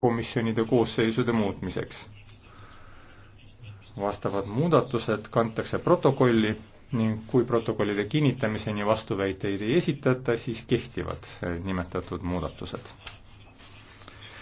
komisjonide koosseisude muutmiseks. vastavad muudatused kantakse protokolli ning kui protokollide kinnitamiseni vastuväiteid ei esitata, siis kehtivad eh, nimetatud muudatused.